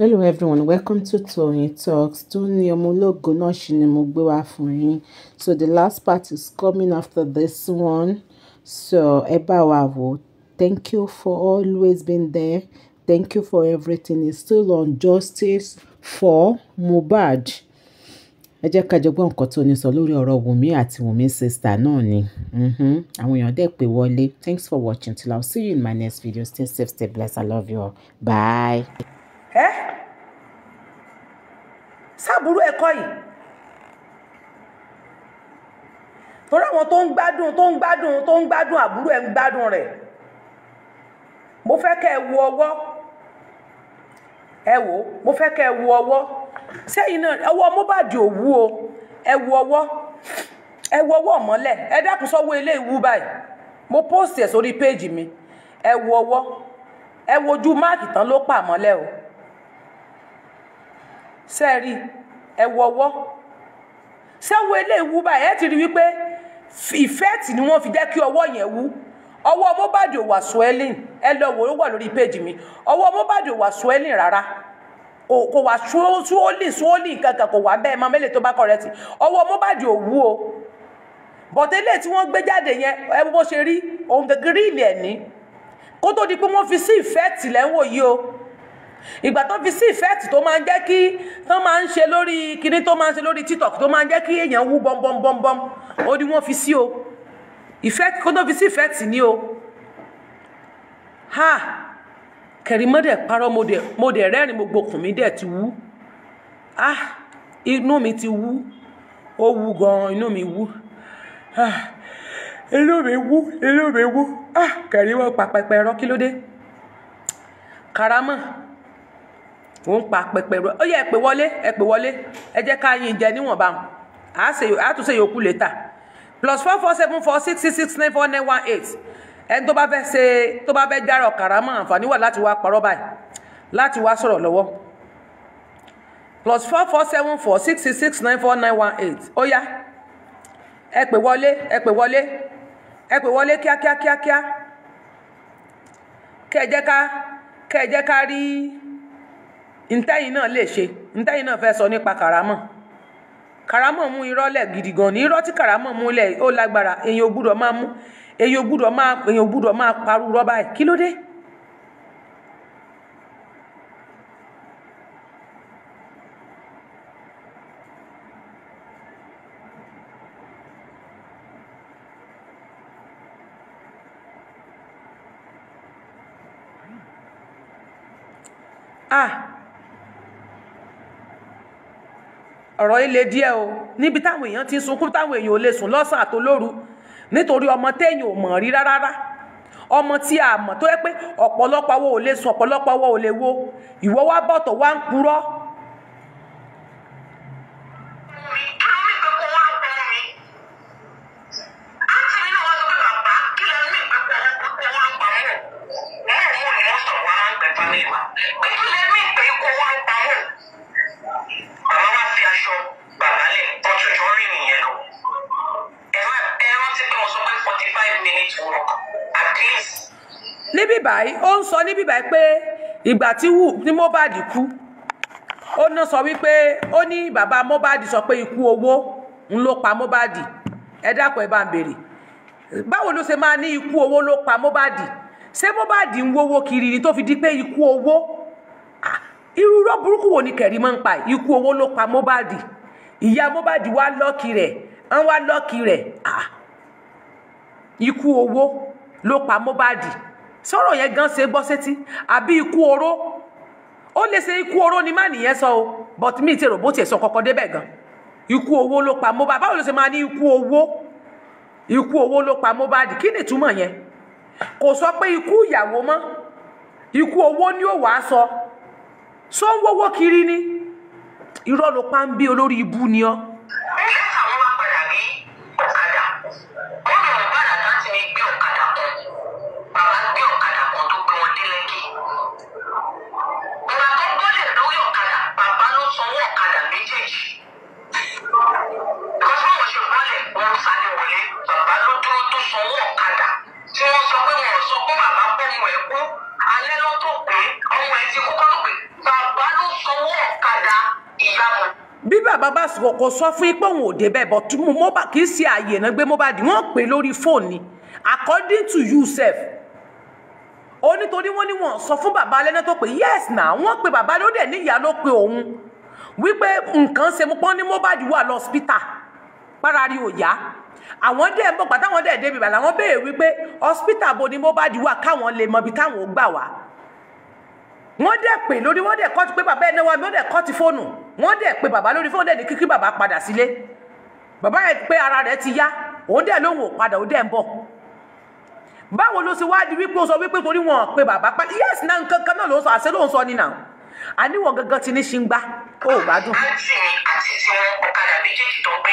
hello everyone welcome to Toyeen Talks Tony ọmọ ológo náà ṣì ni mo gbé wá fún yín so the last part is coming after this one so ẹ bá wa wò thank you for always being there thank you for everything it's still on justice for Mohbad ẹ jẹ́ ká jọ gbọ́ nǹkan tó ní sọ lórí ọ̀rọ̀ Wùmí àti Wùmí sista náà ni mm-hmm. àwọn èèyàn dẹ̀ pé wọlé thanks for watching till i see you in my next video stay safe stay blessed i love you all bye ẹ sábúrú ẹ̀kọ́ yìí torí àwọn tó ń gbádùn tó ń gbádùn tó ń gbádùn àbúrò ẹ̀ ń gbádùn rẹ̀ mo fẹ́ kẹ́ ẹ wo ọwọ́ ẹ wò ó mo fẹ́ kẹ́ ẹ wo ọwọ́ sẹ́yìn náà ọwọ́ Mohbad ò wú o ẹ wo ọwọ́ ẹ wo ọwọ́ mọ́lẹ̀ ẹ dákun sọ́wọ́ ilé ìwú báyìí mo post ẹ̀ sórí péèjì mi ẹ wo ọwọ́ ẹ wojú máàkì tán ló pa o. sẹ́ẹ̀rì ẹ wọwọ́ sẹ́wọ́ eléyìí wú báyìí ẹ ti rí wípé ìfẹ́ẹ̀tì ni wọ́n fi jẹ́ kí ọwọ́ yẹn wú ọwọ́ Mohbad ò wà swelling ẹ lọ wò ó wà lórí péjì mi ọwọ́ Mohbad wà swelling rárá kò wà kankan kò wà bẹ́ẹ̀ tó bá ọwọ́ ò wú o bọ̀tẹ́ ilé tí wọ́n gbé jáde yẹn ẹ bó ṣe rí ohun gẹ́gẹ́ rí ilẹ̀ ní kó tó di pé wọ́n fi sí ìfẹ́ẹ̀tì lẹ́wọ̀n yìí o ìgbà tó fi sí ìfẹ́ẹ̀tì tó máa ń jẹ́ kí tó máa ń ṣe lórí kinní tó máa ń ṣe lórí tiktok tó máa ń jẹ́ kí èèyàn wú bọ́m̀bọ́m̀bọ́m ó ní wọ́n fi sí o ìfẹ́ẹ̀tì kó tó fi sí ìfẹ́ẹ̀tì ni o ha kẹrìmọ́dẹ̀ parọ́ mo dẹ̀ rẹ́rìn mo gbokùn mi dẹ̀ ti wú ah inú mi ti wú ó wú gan inú mi wú ah inú mi wú inú mi wú ah kẹrìmọ́ pàpẹ́pẹ́ rọ́ kí ló dé karamọ́ ò ń pa pẹpẹ rẹ ó yẹ ẹ pè wọlé ẹ pè wọlé ẹ jẹ́ ká yín jẹ níwọ̀nba a tún ṣe yòókù létà plus four four seven four six six six nine four nine one eight ẹni tó bá fẹ́ ṣe tó bá fẹ́ jára ọ̀kàrà mọ́ àǹfààní wà láti wá parọ́ báyìí láti wá sọ̀rọ̀ lọ́wọ́ plus four four seven four six six six nine four nine one eight ó yá ẹ pè wọlé ẹ pè wọlé ẹ pè wọlé kíákíákíákíá kẹ́ ẹ jẹ́ ká kẹ́ ẹ jẹ́ ká rí. ntẹ́yìn náà lè ṣe ntẹ́yìn náà fẹ́ sọ nípa kàrámọ̀ kàrámọ̀ mú irọ́ lẹ̀ gidi gan ní irọ́ tí kàrámọ̀ mú lẹ̀ ó lágbára èyàn ò máa mú èyàn ò máa èyàn ò gbúdọ̀ máa parú rọ́bà ẹ̀ kí ló dé. ah ọ̀rọ̀ yìí le díẹ̀ o níbi táwọn èèyàn ti sunkún táwọn èèyàn ò lè sùn lọ́sàn àtolóru nítorí ọmọ téèyàn ò mọ̀ rí rárá ọmọ tí a mọ̀ tó yẹ pé ọ̀pọ̀lọpọ̀ wo ò lè sùn ọ̀pọ̀lọpọ̀ wo ò wo ìwọ bọ̀tọ̀ wá ń purọ́ níbí báyìí ó ń sọ níbí báyìí pé ìgbà tí wù ní Mohbad kú ó ná sọ wípé ó ní bàbá Mohbad sọ pé ikú owó ń ló pa Mohbad ẹ dákun ẹ bá ń béèrè báwo ló ṣe máa ní ikú owó ló pa Mohbad ṣé Mohbad ń wówó kiri ni tó fi di pé ikú owó irú irọ́ burúkú wo ni kẹ̀rí máa ń pa ikú owó ló pa Mohbad ìyá Mohbad wá lọ́ọ̀kì rẹ̀ ń wá lọ́ọ̀kì rẹ̀ ikú owó ló pa Mohbad. sọ̀rọ̀ yẹn gan ṣe gbọ́ sétí àbí ikú oró ó lè ṣe ikú oró ni má nìyẹn sọ o but mi ti rò bó tiẹ̀ sọ kọ́kọ́ débẹ̀ gan ikú owó ló pa Mohbad báwo ló ṣe máa ní ikú owó ikú owó ló pa Mohbad kí ni ìtumọ̀ yẹn kò sọ pé ikú ìyàwó mọ́ ikú owó ni ó wàá sọ sọ ń wọ́wọ́ kiri ni irọ́ ló pa ń bí olórí ibú ni ọ́. ọmọ ẹ̀ kú alẹ́ lọ́tọ̀ pé ọmọ ẹ̀ ti kú kọ́ pé bàbá ló sanwó ọ̀kadà ìyá mọ̀. bí bàbá bá kò sọ fún yín pé òun ò débẹ̀ bọ̀ tún mo bá kì í ṣe àyè náà gbé Mohbad wọ́n pè lórí fóònù according to you sef ó nítorí wọ́n ní wọ́n sọ fún bàbá alẹ́ náà tó pé yes na wọ́n pe bàbá ló dẹ̀ níyàá ló pe òun wípé nǹkan ṣe mú pọ́n ní Mohbad wà lọ́sípítà párari ò yá àwọn dẹ̀ ń bọ̀ pàtó àwọn dẹ̀ débi bàlá àwọn béèrè wípé hospital bo ni Mohbad wà káwọn lè mọ ibi táwọn ò gbà wá wọ́n dẹ̀ pè lórí wọ́n dẹ̀ kọ́ ti pé bàbá ẹ̀ náwó àbí wọ́n dẹ̀ kọ́ ti fóònù wọ́n dẹ̀ pé bàbá lórí fóònù dẹ̀ ní kíkí bàbá padà sílé bàbá yẹn pé ara rẹ̀ ti yá òun dẹ̀ lóhùn ò òun dẹ̀ ń bọ̀ báwo ló ṣe wá di wípé ó sọ wípé torí wọn pé bàbá pa yes náà nǹkan kan náà ló ń sọ àṣẹ ló ń sọ nínà àníwọ̀n gangan ti ní ṣe ń gbá ó gbádùn. àǹtí mi àti tiwọn ọ̀kadà méjèèjì tó gbé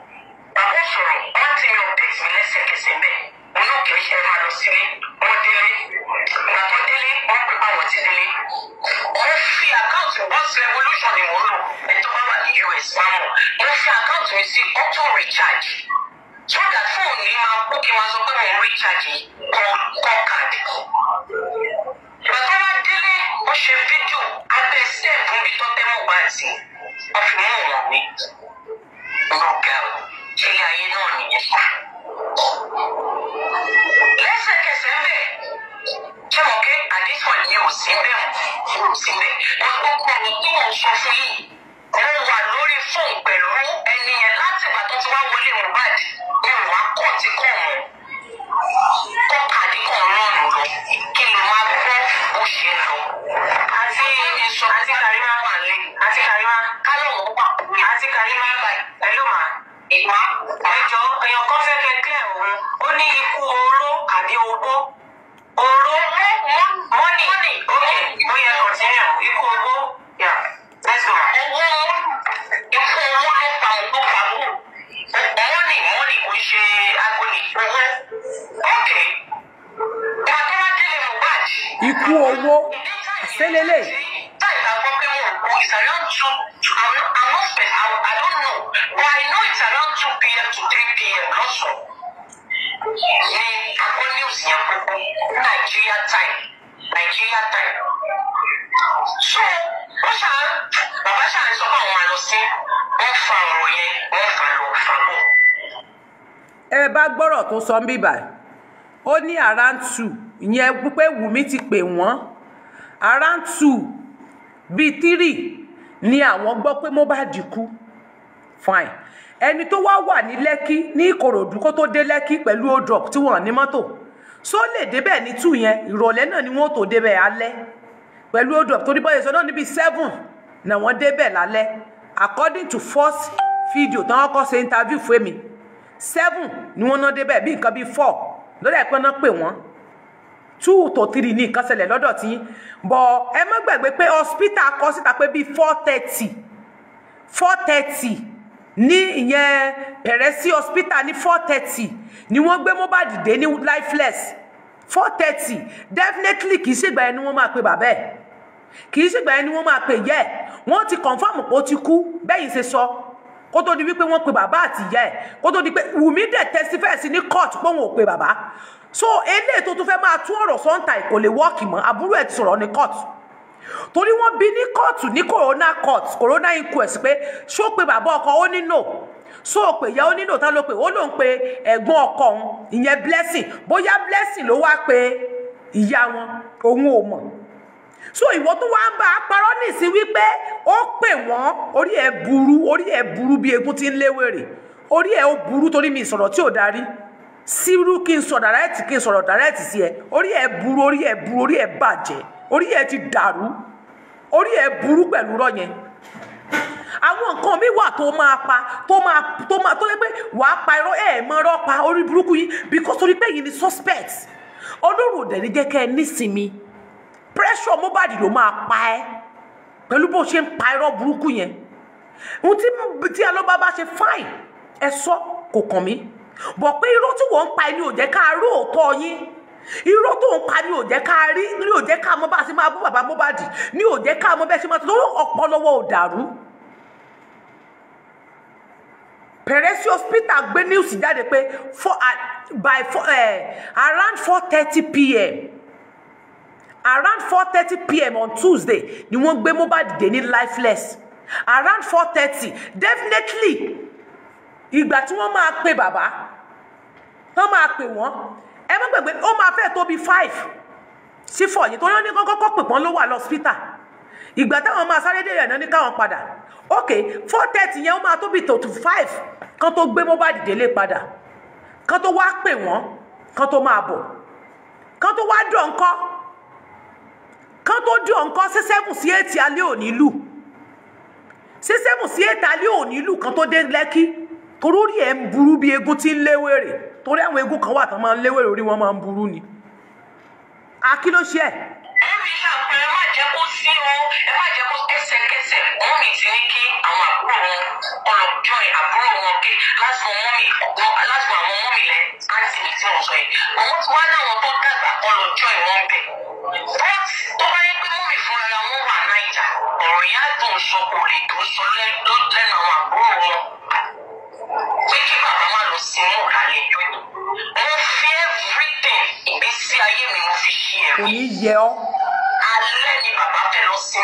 àwọn sọ̀rọ̀ wọ́n ti yan update mi lẹ́sẹ̀kẹsẹ̀ bẹ́ẹ̀ wọn náà kì í ṣe máa lọ sílé wọ́n délé gbàtọ́ délé wọ́n pè báwọn ti délé wọ́n fi àkáǹtì once revolution ni mò ń lò ẹni tó bá wà ní US wá mọ̀ fi àkáǹtì mi sí auto recharge so that phone ni máa kú kí n máa sọ pé mo ń recharge kọ́ kọ́ káàdì gbàtọ́ wá délé wọ́n ṣe fídíò abẹ́ step níbi tó tẹ́ mọ̀ bá ti wọ́n fi mú ìwọ̀n mi. Oh, ṣe ilé ayé náà nìyẹn sá. lẹ́sẹ̀kẹsẹ̀ ń bẹ̀ ṣé mo ké àdéhùn ni ò sí bẹ́ẹ̀ mọ́ ò sí bẹ́ẹ̀ gbogbo ọ̀rọ̀ tó ń sọ fún yìí mo wà lórí fóònù pẹ̀lú ẹni yẹn láti ìgbà tó ti wá wọlé Mohbad mi ò wá kọ́ ti kọ́ mọ́ kọ́kàdé kan náà nù lọ kí n máa gbọ́ bó ṣe lọ. àti àti Karima àti Karima kálọ̀ mọ́ pàpọ̀ àti Karima pẹ̀lú ìjọ èèyàn kan fẹ́ kẹ́ òun ó ní ikú oró àbí ogbó oró mọ́nì òkè ó yẹ kọ̀tínú ikú ogbó yà owó ikú owó ló pa ogbó pamọ́ mọ́nì mọ́nì kò ṣe agolo owó òkè ìgbà tó wá délé Mohbad. ikú owó àṣẹlélẹ̀ times I'm working on call is around two. I'm not, I'm not spent, I, I don't know. But I know it's around two p.m. to three p.m. Not so. Ní àgọ́ news yẹn gbogbo Nigeria time Nigeria time. So wọ́n ṣà ń bàbá ṣà ń sọ fún àwọn àlọ́ sí wọ́n fa ọ̀rọ̀ yẹn wọ́n fa lọ fa bọ̀. Ẹ bá gbọ́rọ̀ tó sọ ń bíbà ó ní around two ìyẹn pé Wùmí ti pè wọ́n around two bíi tírì ni àwọn gbọ́ pé Mohbad kú fine ẹni tó wá wà ní Lẹ́kì ní Ìkòròdú kó tó dé Lẹ́kì pẹ̀lú odrop tí wọ́n ní mọ́tò só lè débẹ̀ ní tù yẹn ìrọ̀lẹ́ náà ni wọ́n tó débẹ̀ alẹ́ pẹ̀lú drop. torí bọ́yẹ̀ sọ náà níbi seven náà wọ́n débẹ̀ lálẹ́ according to first video tí wọ́n kọ́ ṣe interview fún mi seven ni wọ́n náà débẹ̀ bí nǹkan bíi four lórí àìpẹ́ náà pè wọ́n two to three ní nǹkan ṣẹlẹ̀ lọ́dọ̀ tí bọ̀ ẹ má gbàgbé pé hospital kọ síta pé bíi four thirty four thirty ní ìyẹn pẹ̀rẹ́sì hospital ní four thirty ni wọ́n gbé mobile. dé ní lifeless four thirty definitely kì í ṣègbà ẹni wọ́n máa pe bàbá ẹ̀ kì í ṣègbà ẹni wọ́n máa pe yẹ́ ẹ̀ wọ́n ti confam pé ó ti kú bẹ́yìn ṣe sọ. So kó tó di wípé wọ́n pe bàbá àti ìyá ẹ̀ kó tó di pé Wùmí dẹ̀ testify sí ní court pé wọn ò pe bàbá so eléyìí tó tún fẹ́ máa tún ọ̀rọ̀ sọ́ńtà kò lè wọ́ọ̀kì mọ́ àbúrò ẹ̀ ti sọ̀rọ̀ ní court torí wọ́n bi ní kóòtù ní corona court corona inquest pé ṣó pe bàbá ọkọ ó ní no so pé ìyá ó ní no ta ló pé ó lóun pe ẹ̀gbọ́n ọkọ òun ìyẹn blessing bóyá blessing ló wá pe ìyá wọn òun ò mọ̀ so ìwọ tó wá ń bá a parọ́ nìsín wípé ó pè wọ́n orí ẹ̀ burú orí ẹ̀ burú bí egun ti ń léwèrè orí ẹ̀ ó burú torí mi ìsọ̀rọ̀ tí ò darí sírú kí n sọ dàrẹ́ẹ̀tì kí n sọ̀rọ̀ dàrẹ́ẹ̀tì sí ẹ orí ẹ̀ burú orí ẹ̀ burú orí ẹ̀ bàjẹ́ orí ẹ̀ ti dàrú orí ẹ̀ burú pẹ̀lú rọ́ yẹn àwọn nǹkan mi wà tó máa pa tó máa tó máa tó yẹ pé wàá pa irọ́ ẹ̀ mọ́ irọ́ pa orí burúkú yìí because torí pé yìí ni suspect olórùn òdẹ̀ ní jẹ́ kẹ́ ẹ nísinmi pressure Mohbad ló máa pa ẹ́ pẹ̀lú bó ṣe ń pa irọ́ burúkú yẹn ohun tí alọ́ba bá ṣe fáìn ẹ sọ kò kàn mí bọ̀ pé irọ́ tí wọ́n ń pa ẹni ò jẹ́ ká rí òótọ́ yín irọ́ tó ń pa ni ò jẹ́ ká rí ni ò jẹ́ ká mọ bá a ṣe máa bú bàbá Mohbad ni ò jẹ́ ká mọ bẹ́ẹ̀ ṣe máa tó ọ̀pọ̀lọwọ́ ò dàrú. Precious gbé news jáde pé by eh, around four thirty pm around 4:30 pm on tuesday ni wọ́n gbé mobile. dé ní lifeless around four thirty definitely ìgbà tí wọ́n máa pe bàbá wọ́n máa pe wọ́n ẹ má gbàgbé ó máa fẹ́ tó bí five sí four yìí torí wọ́n ní kọ́kọ́ pè pọ́n ló wà lọ́sítà ìgbà táwọn máa sáré dé ìrànà ní káwọn padà ok four thirty yẹn ó máa tó bí tó to five kan tó gbé Mohbad délé padà kan tó wá pè wọ́n kan tó máa bọ̀ kan tó wá dọ̀ ńkọ́ kán tó dùn ọ̀nkọ́ sí seven sí eight alẹ́ òní lù sí seven sí eight alẹ́ òní lù kán tó dé lẹ́kí torórí ẹ̀ ń burú bí egun tí ń léwèrè torí àwọn egun kan wà tán máa ń léwèrè orí wọn máa ń burú ni àkí ló ṣe ẹ̀. lórí ìlànà ẹ má jẹ́ kó sí wọn ẹ má jẹ́ kó ẹsẹ̀kẹsẹ̀ mọ́mì ti ní kí àwọn àbúrò wọn ọ̀rọ̀ join àbúrò wọn ké lásìkò mọ́mì ọ̀gbọ́n lásìkò àwọn mọ́mì lẹ́ àǹtí mi tí wọ́n yìí àwọn tí wọ́n náà wọ́n tó dàgbà ọ̀rọ̀ join wọn bẹ̀ but tó bá yẹ pé mọ́mì fúnra ra wọn wà kò everything ìgbésí ayé mi mo fi ní yẹ ọ́. alẹ́ ni bàbá fẹ́ lọ sí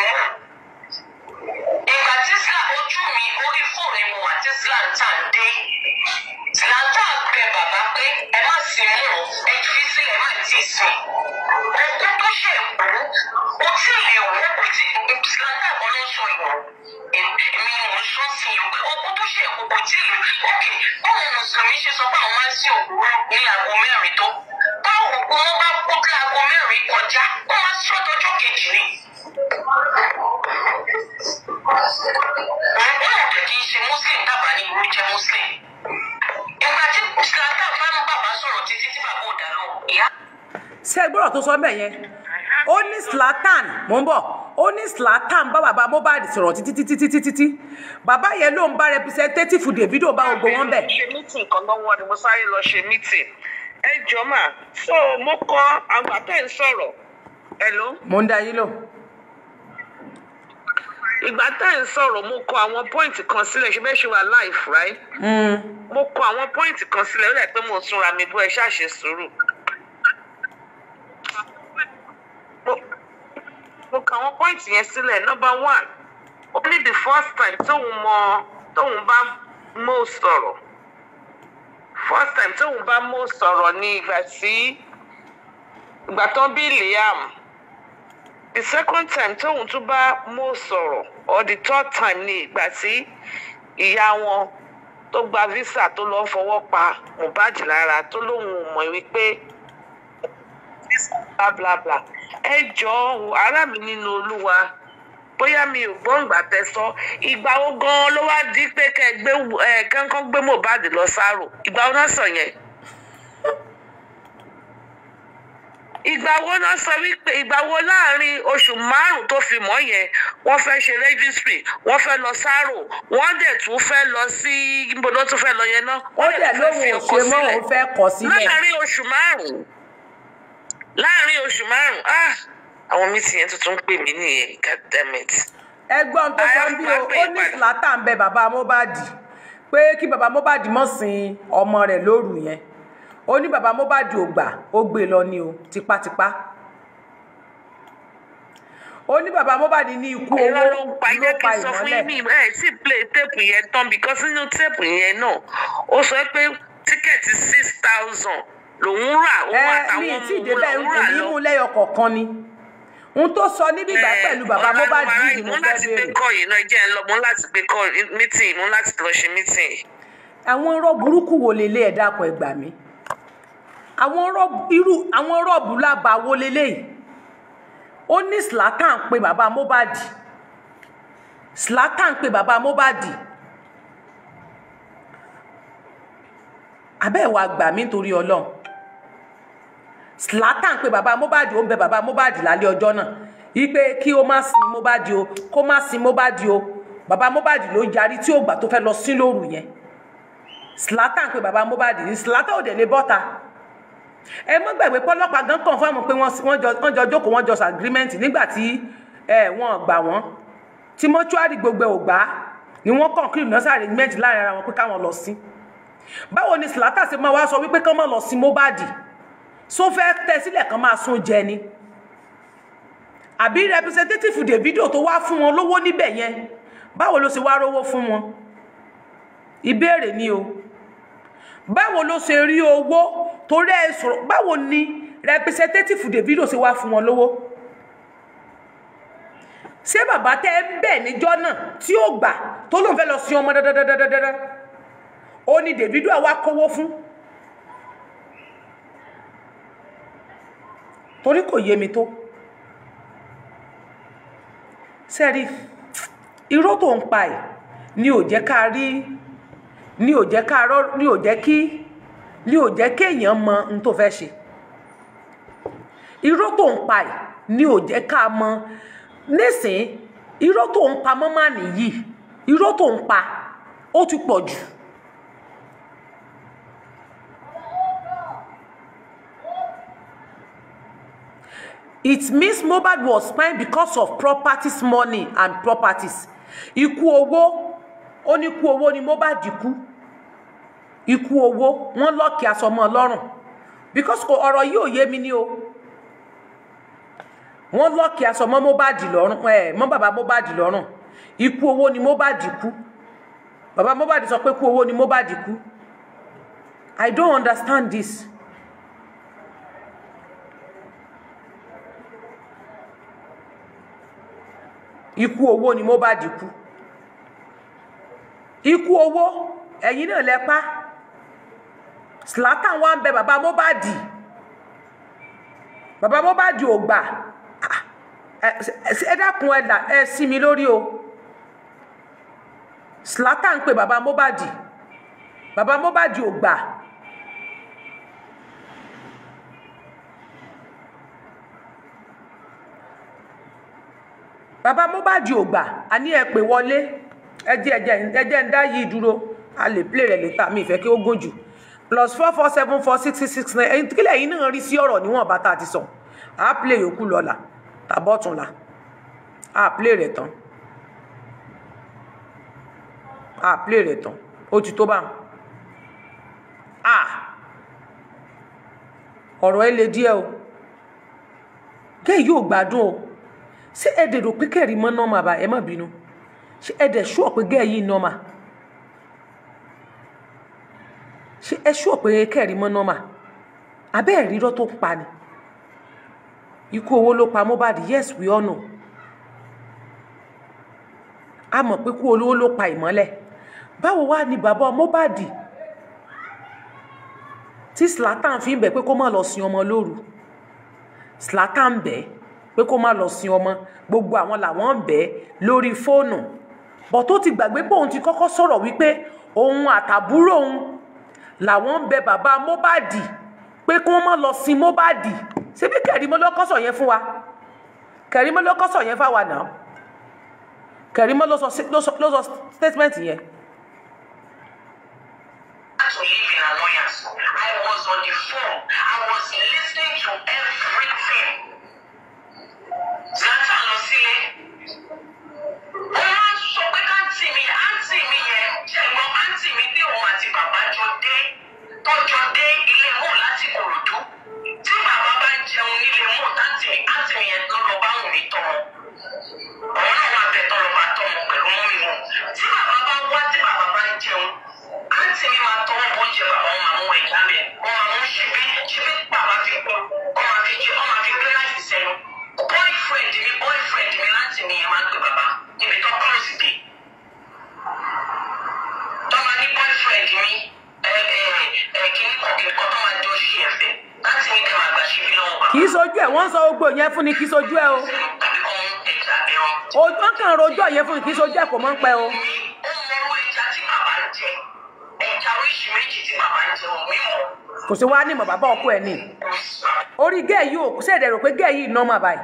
ìgbà tí ojú mi orí fóònù mo wà tí ń tà dé sílá bẹ bàbá pé ẹ má sí o ẹ fi sílẹ̀ má tì sìn o tí ì lè wọ́n kò tí slanta kan ló ń sọ ìwọ èmi ni mo sọ sí i pé ọkọ tó ṣe èkó kò tí ì lè ókè báwo mùsùlùmí ṣe sọ pé àwọn máa ń sí òkú ní aago mẹ́rin tó báwo òkú wọn bá kú kí aago mẹ́rin kọjá wọn máa sọ tọjọ́ kejì ni. òun náà kì í ṣe muslim dábàá ní ìlú jẹ́ muslim ìgbà tí slanta fẹ́ mú bàbá sọ̀rọ̀ títí tí bàbá ò dá lọ ṣé gbọ́dọ̀ tó sọ mẹ́yẹn Slatan, mò ń bọ̀ ó ní Zlatan bá bàbá Mohbad sọ̀rọ̀ títí títí títí títí bàbá yẹn ló ń bá representative Davido bá gbogbo wọn bẹ̀. ṣe mítìn kan lọ́wọ́ ni mo sáré lọ ṣe mítìn ẹ jọ mà so mo kọ àwọn àtẹ̀ ń sọ̀rọ̀ ẹ̀ ló. mo ń da yín lò ìgbà tá ẹ̀ ń sọ̀rọ̀ mo kọ àwọn pọ́ìntì kan sílẹ̀ ṣe bẹ́ẹ̀ ṣe wà life right. Hmm. mo kọ àwọn pọ́ìntì kan sílẹ̀ ó dà pé mo ń súnra mi bó ẹ ṣáà ṣe sùúrù. àwọn pọ́ìntì yẹn sílẹ̀ nọ́mbà one ó ní the first time tóun mọ tóun bá mọ sọ̀rọ̀ first time tóun bá mọ sọ̀rọ̀ ní ìgbà tí ìgbà tán bí Liam the second time tóun tún bá mọ sọ̀rọ̀ or the third time ní ìgbà tí ìyá wọn tó gba visa tó lọ fọwọ́ pa Mohbad lára tó lóun ò mọ̀ wípé bla bla bla ẹ jọ̀ọ́ ará mi nínú olúwa bóyá mi ò gbọ́ ìgbà tẹ sọ ìgbà wo gan-an ló wá di pé kẹ́ gbé ẹ kankan gbé Mohbad lọ sáró ìgbà wo náà sọ yẹn ìgbà wo náà sọ wípé ìgbà wo láàrin oṣù márùn tó fi mọ́ yẹn wọ́n fẹ́ ṣe registry wọ́n fẹ́ lọ sáró wọ́n dẹ̀ tún fẹ́ lọ sí ibo ló tún fẹ́ lọ yẹn náà wọ́n dẹ̀ tún fẹ́ fi sílẹ̀ láàrin oṣù márùn láàrin oṣù márùn ah àwọn mi ti yẹn tuntun pè mí nìyẹn god damn it. ẹ̀gbọ́n tó sọ bí o ó ní fìlátà ń bẹ bàbá Mohbad pé kí bàbá Mohbad mọ̀ sin ọmọ rẹ̀ lóru yẹn ó ní bàbá Mohbad ò gbà ó gbé lọ ni o tipátipá ó ní bàbá Mohbad ní ikú owó ló pa ìmọ́lẹ̀. ẹ sì play tape yẹn tán because nínú tape yẹn náà ó sọ pé tíkẹ́ẹ̀tì six thousand lòun rà òun eh, àtàwọn òun lòun rà lọ. èmi mú lẹ́yọ kọ̀ọ̀kan ni ohun tó sọ níbí ìgbà eh, pẹ̀lú bàbá Mohbad yìí ni mo fẹ́ béèrè. mo láti gbé kọ́ mítìn mo láti lọ ṣe mítìn. àwọn irọ́ burúkú wo lélẹ̀ ẹ̀ dákọ̀ ẹ̀ gbà mí àwọn irọ́ bùlábà wo lélẹ̀ yìí ó ní Zlatan ń pe bàbá Mohbad Zlatan ń pe bàbá Mohbad abẹ́ ẹ̀ wá gbà mí nítorí Ọlọ́run slatan pé Baba Mobadi ó ń bẹ bàbá Mohbad lálẹ́ ọjọ́ náà wípé kí ó má sin Mohbad o kó má sin Mohbad o bàbá Mohbad ló yarí tí ó gbà tó fẹ́ lọ sí lóru yẹn Zlatan pé bàbá Mohbad ní Zlatan ò dẹ̀ lè bọ́ta ẹ mọ́ gbàgbé pọ́lọ́pàá gan kàn fáwọn pé wọ́n jọ jókòó wọ́n jọ agreement nígbà tí wọ́n gbà wọ́n tí mọ́túárì gbogbo ẹ̀ ò gbà ni wọ́n conclude nurse arrangement láàrin ara wọn pé káwọn lọ sí báwo ni Zlatan ṣe ma wá sọ wípé kán má lọ sí Mohbad so fẹ́ tẹ sílẹ̀ kan máa sún jẹ ni àbí representative Davido tó wá fún wọn lówó níbẹ̀ yẹn báwo ló ṣe wá rówó fún wọn ìbéèrè ni o báwo ló ṣe rí owó tó rẹ́ ẹ sọ̀rọ̀ báwo ni representative Davido ṣe wá fún wọn lówó ṣé bàbá tẹ ẹ ń bẹ̀ níjọ́ náà tí ó gbà tó lóun fẹ́ lọ sin ọmọ dandandandandandan ó ní Davido àwa kówó fún torí kò yé mi tó sẹ́rí irọ́ tó ń pa ẹ̀ ni ò jẹ́ ká rí ni ò jẹ́ ká rọ́ ni ò jẹ́ kí ni ò jẹ́ kéèyàn mọ ohun tó fẹ́ ṣe irọ́ tó ń pa ẹ̀ ni ò jẹ́ ká mọ nísìnyí irọ́ tó ń pa mọ́mọ́ nìyí irọ́ tó ń pa ó ti pọ̀ jù. it means Mohbad was fined because of properties money and properties ikú owó ó ní ikú owó ni Mohbad kú ikú owó wọ́n lọ́ọ̀kì asọmọ ọlọ́run because ko ọ̀rọ̀ yìí ò yé mi ní o wọ́n lọ́ọ̀kì asọmọ Mohbad lọ́rùn ẹ̀ mọ́ bàbá Mohbad lọ́rùn ikú owó ni Mohbad kú bàbá Mohbad sọ pé ikú owó ni Mohbad kú I don't understand this. ikú owó ni Mohbad kú ikú owó ẹ̀yin náà lẹ pa Zlatan wá ń bẹ bàbá Mohbad bàbá Mohbad ò gbà ah, ẹ dákun ẹ sí mi lórí o Zlatan ń pe bàbá Mohbad bàbá Mohbad ò gbà. bàbá Mohbad ò gbà á ní ẹ pè wọlé ẹjẹ ẹjẹ ẹjẹ ń dá yìí dúró a lè play rẹ̀ létà mi ìfẹ́ kí ó gùn jù plus four four seven four six six six nine ẹyin kílẹ̀ yìí náà rí sí ọ̀rọ̀ níwọ̀n bàtà àti sàn á play yòókù lọ́la la. A play rẹ̀ tán á play rẹ̀ tán ó ti tó bá a ọ̀rọ̀ ẹ le díẹ̀ o gẹ́ẹ̀ yóò gbádùn o ṣé ẹ dèrò pé kẹ́rì mọ́ nọ́ọ̀mà bá ẹ má bínú ṣé ẹ dẹ̀ ṣúọ̀ pé gẹ́ẹ̀ yìí nọ́ọ̀mà ṣé ẹ ṣúọ̀ pé kẹ́rì mọ́ nọ́ọ̀mà abẹ́ ẹ̀rírọ́ tó pa ni ikú owó ló pa Mohbad yes we all know a mọ̀ pé kú olówó ló pa ìmọ́lẹ̀ báwo wá ni bàbá Mohbad tí Zlatan fi ń bẹ̀ pé kó má lọ sin ọmọ lóru Zlatan bẹ́ẹ̀ pé kó má lọ sin ọmọ gbogbo àwọn làwọn ń bẹ́ẹ̀ lórí fóònù bọ̀ tó ti gbàgbé pé òun ti kọ́kọ́ sọ̀rọ̀ wípé òun àtàbúrò òun làwọn ń bẹ bàbá Mohbad pé kí wọ́n má lọ sin Mohbad ṣebí Kẹ̀rímọ́ ló kọ́ sọ yẹn fún wa Kẹ̀rímọ́ ló kọ́ sọ yẹn fáwa náà Kẹ̀rímọ́ ló sọ statement yẹn. I was on the phone. I was listening to every átìmì átìmì yẹn lọ́lọ́ bá wù mí tọmọ òun náà wà bẹ́ẹ̀ tọ́lọ́ bá tọmọ pẹ̀lú mú mi mú tí bàbá bá wá tí bàbá bá ń jẹun átìmì máa tọwọ́ bó ń jẹ bàbá wọn máa mú ẹ̀já bẹ́ẹ̀ wọn máa mú ṣíbí ṣíbí pa. rojú ẹ̀ wọ́n ń sọ gbogbo yẹn fún ni kì í sojú ẹ o ojú ọkàn rojú ọ̀yẹ́ fún ni kì í sojú ẹ kò mọ́ ń pẹ́ o. ó mọ ìjà tí bàbá ń jẹ ẹja oríṣi méjì tí bàbá ń jẹ òun mímọ. kò sí wá ní mọ̀ bàbá ọkọ ẹ̀ ni orí géèyì ò sẹ̀dẹ̀ rò pé géèyì iná máa báyìí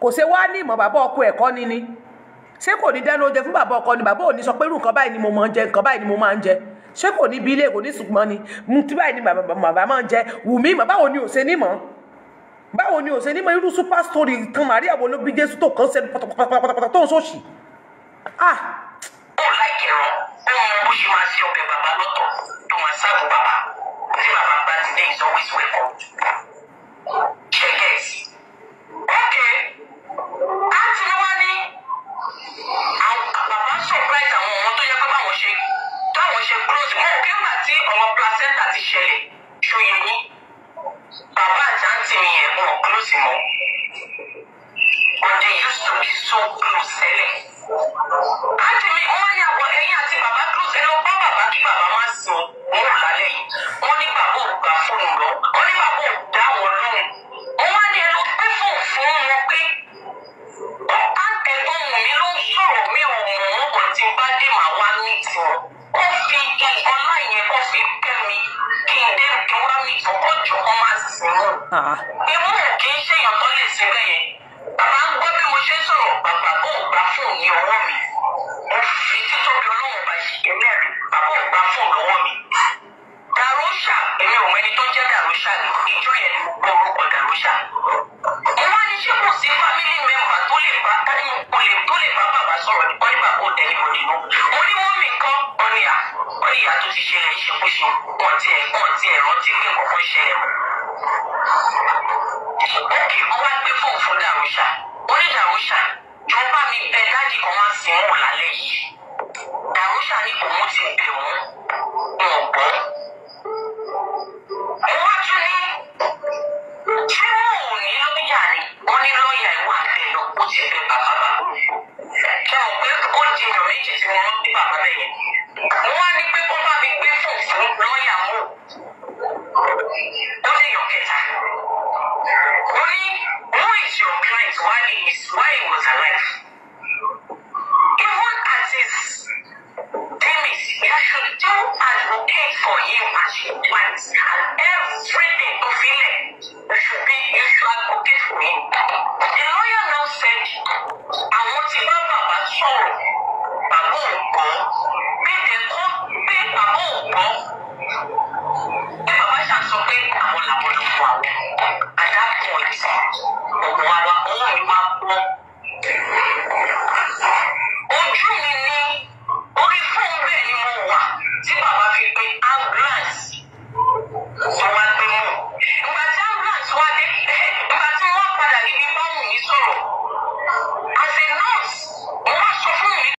kò sí wá ní mọ̀ bàbá ọkọ ẹ̀ kọ́ ni ni ṣé kò ní dẹ́nu oúnjẹ fún bàbá ọkọ ni bàbá ò ní sọ pé irú nǹkan báyìí ni mo máa ń jẹ nǹkan báyìí ni mo máa ń jẹ ṣé kò ní bí ilé kò ní ṣùgbọ́n ni mo ti báyìí ni bàbá máa ń jẹ wù mọ̀ báwo ni ò ṣe ní mọ̀ báwo ni òsè ní mọ irú super story kan Màríà wo ló bí Jésù tó kàn sẹ́nu pátápátá tó ń sóòṣì. Ah! ó láìkí rán ó mọ bó ṣe máa ṣe ọbẹ̀ bàbá lọ́tọ̀ tó máa ṣáàbù bàbá tí bàbá bá ti dé is always welcome. ṣẹ̀gẹ̀ẹ́sì. ok àǹtí ni wọ́n ní bàbá surprise àwọn ọmọ tó yẹ pé báwọn ṣe táwọn ṣe close mọ́ òkè ńgbà tí ọmọ placenta ti ṣẹlẹ̀ ṣòye yín bàbá àjáǹtì mi yẹn wọn close mọ́ but they used to be so close tẹ́lẹ̀ àǹtí mi wọ́n ní àwọn ẹ̀yìn àti bàbá close ẹni wọ́n bá bàbá kí bàbá má sùn wọ́n lálẹ́ yìí wọ́n ní bàbá òkú. Ah. imú kì í ṣe èèyàn tó lè ṣe bẹ́ẹ̀ yẹn bàbá ń gbọ́ bí mo ṣe ń sọ̀rọ̀ bàbá bò ń gbà fóònù ní ọwọ́ mi mo fi títóbi ọlọ́run bá ṣìkẹ́ mẹ́rin bàbá ò gbà fóònù lọ́wọ́ mi dàrúṣà èmi ò mẹni tó jẹ́ dàrúṣà ní ìjọ yẹn ni mo gbọ́ orúkọ dàrúṣà ìwọ́n ní ṣé kò sí family member tó lè bá tó lè bá bàbá sọ̀rọ̀ nípa nígbà kó tẹ̀lé mo nínú mo ní mọ́mì nǹkan ọ̀nìyà ọ̀nìyà tó ti ṣẹlẹ̀ ìṣekúṣe rántí pé kọ̀ọ̀kan ṣẹlẹ̀ mọ́ ókè ó wá gbé fóònù fún dàrúṣà ó ní dàrúṣà jọ bá mi bẹ dáàdì kan wá sí mú lálẹ́ yìí dàrúṣà ní òun ti bẹ̀ wọ́n wọn gbọ́. mo wá tún ní ṣé wọn ò ní lọ́ọ̀yà ni ó ní lọ́ọ̀yà ìwà àgbẹ̀ lọ ó ti bẹ bàbá bá ṣe mọ̀ pé ó di ọ̀rọ̀ méjì á ní pé ó should do as for you as you want. And everything to feel it. You should be you should advocate for him. The lawyer now said, "I want bá bàbá sọ̀rọ̀, bàbá ò Babu pé tẹ̀kọ́ the court. Pay Babu Pé bàbá ṣàṣọ pé àwọn làwọn ló fún àwọn. At that point, òun wa wá, òun